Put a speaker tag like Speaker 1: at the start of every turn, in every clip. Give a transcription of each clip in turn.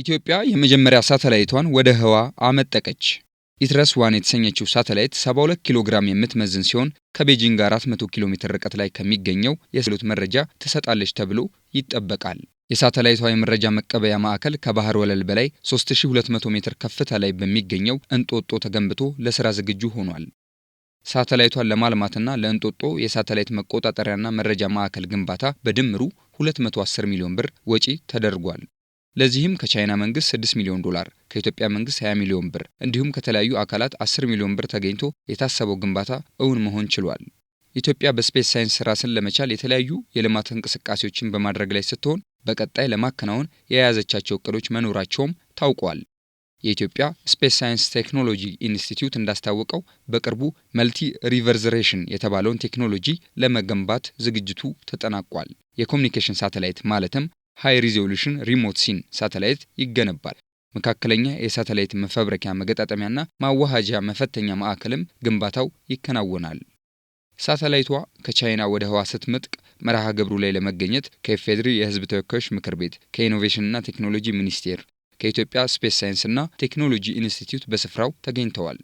Speaker 1: ኢትዮጵያ የመጀመሪያ ሳተላይቷን ወደ ህዋ አመጠቀች። ኢትረስ ዋን የተሰኘችው ሳተላይት 72 ኪሎ ግራም የምትመዝን ሲሆን ከቤጂንግ 400 ኪሎ ሜትር ርቀት ላይ ከሚገኘው የሳተላይት መረጃ ትሰጣለች ተብሎ ይጠበቃል። የሳተላይቷ የመረጃ መቀበያ ማዕከል ከባህር ወለል በላይ 3200 ሜትር ከፍታ ላይ በሚገኘው እንጦጦ ተገንብቶ ለስራ ዝግጁ ሆኗል። ሳተላይቷን ለማልማትና ለእንጦጦ የሳተላይት መቆጣጠሪያና መረጃ ማዕከል ግንባታ በድምሩ 210 ሚሊዮን ብር ወጪ ተደርጓል። ለዚህም ከቻይና መንግስት 6 ሚሊዮን ዶላር፣ ከኢትዮጵያ መንግስት 20 ሚሊዮን ብር እንዲሁም ከተለያዩ አካላት 10 ሚሊዮን ብር ተገኝቶ የታሰበው ግንባታ እውን መሆን ችሏል። ኢትዮጵያ በስፔስ ሳይንስ ራስን ለመቻል የተለያዩ የልማት እንቅስቃሴዎችን በማድረግ ላይ ስትሆን በቀጣይ ለማከናወን የያዘቻቸው እቅዶች መኖራቸውም ታውቋል። የኢትዮጵያ ስፔስ ሳይንስ ቴክኖሎጂ ኢንስቲትዩት እንዳስታወቀው በቅርቡ መልቲ ሪቨርዝሬሽን የተባለውን ቴክኖሎጂ ለመገንባት ዝግጅቱ ተጠናቋል። የኮሚኒኬሽን ሳተላይት ማለትም ሃይ ሪዞሉሽን ሪሞት ሲን ሳተላይት ይገነባል። መካከለኛ የሳተላይት መፈብረኪያ መገጣጠሚያና ማዋሃጃ መፈተኛ ማዕከልም ግንባታው ይከናወናል። ሳተላይቷ ከቻይና ወደ ህዋ ስትመጥቅ መርሃ ግብሩ ላይ ለመገኘት ከኢፌዴሪ የህዝብ ተወካዮች ምክር ቤት፣ ከኢኖቬሽንና ቴክኖሎጂ ሚኒስቴር፣ ከኢትዮጵያ ስፔስ ሳይንስና ቴክኖሎጂ ኢንስቲትዩት በስፍራው ተገኝተዋል።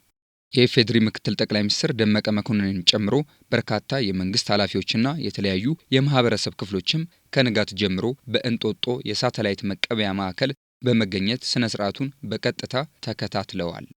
Speaker 1: የኢፌድሪ ምክትል ጠቅላይ ሚኒስትር ደመቀ መኮንንን ጨምሮ በርካታ የመንግስት ኃላፊዎችና የተለያዩ የማህበረሰብ ክፍሎችም ከንጋት ጀምሮ በእንጦጦ የሳተላይት መቀበያ ማዕከል በመገኘት ስነ ስርዓቱን በቀጥታ ተከታትለዋል።